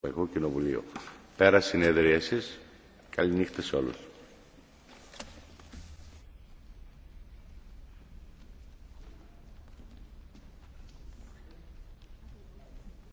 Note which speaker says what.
Speaker 1: Ευρωπαϊκού Κοινοβουλίου. Πέρα συνεδρίασης. Καληνύχτα σε όλους.